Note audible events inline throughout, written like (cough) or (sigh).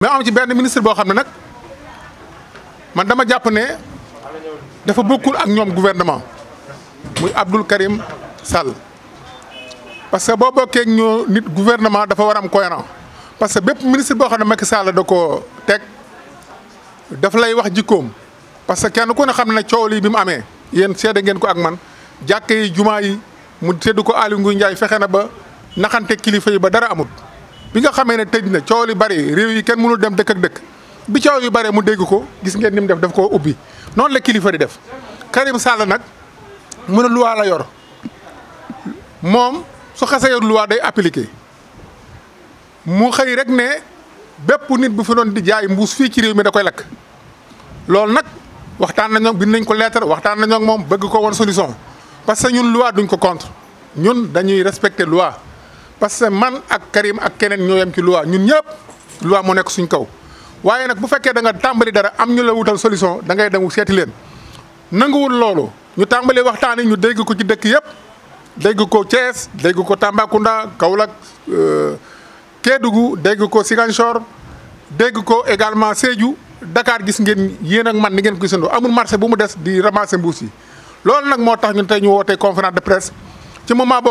mais am ci benn ministre boo xam ne nag man dama jàpp ne dafa bokkul ak ñoom gouvernement muy Abdoul Karim Sall parce que boo bokkee ñu nit gouvernement dafa war am cohérent parce que bépp ministre boo xam ne Macky Sall da ko teg daf lay wax jikkoom parce que kenn ku ne xam ne coow lii bi mu amee yéen seede ngeen ko ak man jàkka yi jumaa yi mu séddu ko Aly Ngouille Ndiaye fexe na ba naxante kilifa yi ba dara amut. bi nga xamee ne tëj na coow li bari réew yi kenn mënul dem dëkk ak dëkk bi coow yu bare mu dégg ko gis ngeen ni mu def daf koo ubbi noonu la kilifa di def Karim Sall nag mu ne luwaa la yor moom su xasee yor luwaa day appliqué mu xëy rek ne bépp nit bu fi doon di jaay mbuus fii ci réew mi da koy lakk loolu nag waxtaan nañoo bind nañ ko lettre waxtaan nañoo moom bëgg ko woon solution parce que ñun loi duñ ko contre ñun dañuy respecter loi. parce que man ak Karim ak keneen ñoo yam ci loi ñun ñëpp loi mo nek suñ kaw waye nak bu fekke da nga tambali dara am ñu la wutal solution da ngay dem setti len nanguwul lolu ñu tambali waxtani ñu dégg ko ci dekk yëpp dégg ko Thiès dégg ko kaulak euh Kédougou dégg ko siganchor ko également Dakar gis ngeen yeen ak man ni ngeen ko gisandoo amul marché bu mu des di ramasser mbuus lolu nak nag tax ñun tay ñu wote conférence de presse ci moment bo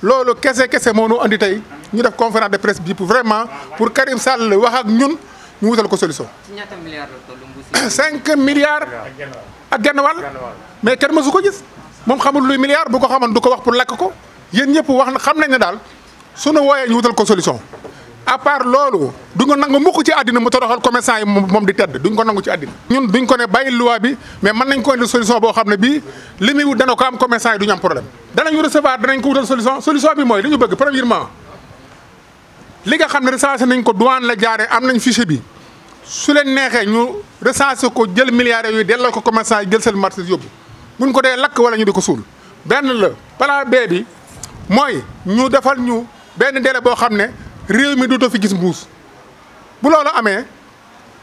C'est que kese mon andi tay ñu def conférence de presse pour vraiment pour Karim Sall wax ak ñun ñu wutal solution. 5 milliards à (coughs) cinq milliards. ak gennawal mais kenn ko gis mom xamul luy milliard bu ko xamant du wax pour ko vous wax xam nañ ne sunu woyé ñu wutal ko solution. à part loolu duñ ko nangu mukk ci àddina mu toroxal commerçant yi moom di tedd duñ ko nangu ci àddina ñun duñ ko ne bàyyi loi bi mais mën nañ ko indi solution boo xam ne bii li muy wut dana ko am commerçant yi duñu am problème danañu recevoir danañ ko wutal solution solution bi mooy li ñu bëgg premièrement li nga xam ne recensé nañ ko douane la jaare am nañ fichier bi su leen neexee ñu recensé ko jël milliards yooyu delloo ko commerçant yi jël seen marché yóbbu ko dee lakk wala ñu di ko suul benn la plan B bi mooy ñu defal ñu benn délai boo xam ne réew mi du dootoo fi gis mbuus bu loolu amee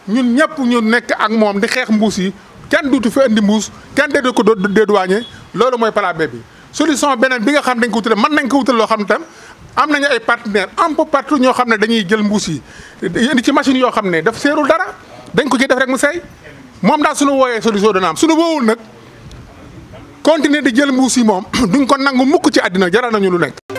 ñun ñëpp ñu nekk ak moom di xeex mbuus yi kenn duutu fi indi mbuus kenn déedu ko dédouané loolu mooy plan bi solution beneen bi nga xam dañ ko wutale mën nañ ko wutale loo xam tam am nañu ay partenaire un peu partout ñoo xam ne dañuy jël mbuus yi indi ci machine yoo xam ne daf seerul dara dañ ko ci def rek mu seey moom daal suñu wooyee solution dana am suñu woowul nag continuer di jël mbuus yi moom (coughs) duñ ko nangu mukk ci àddina jaral nañu lu nekk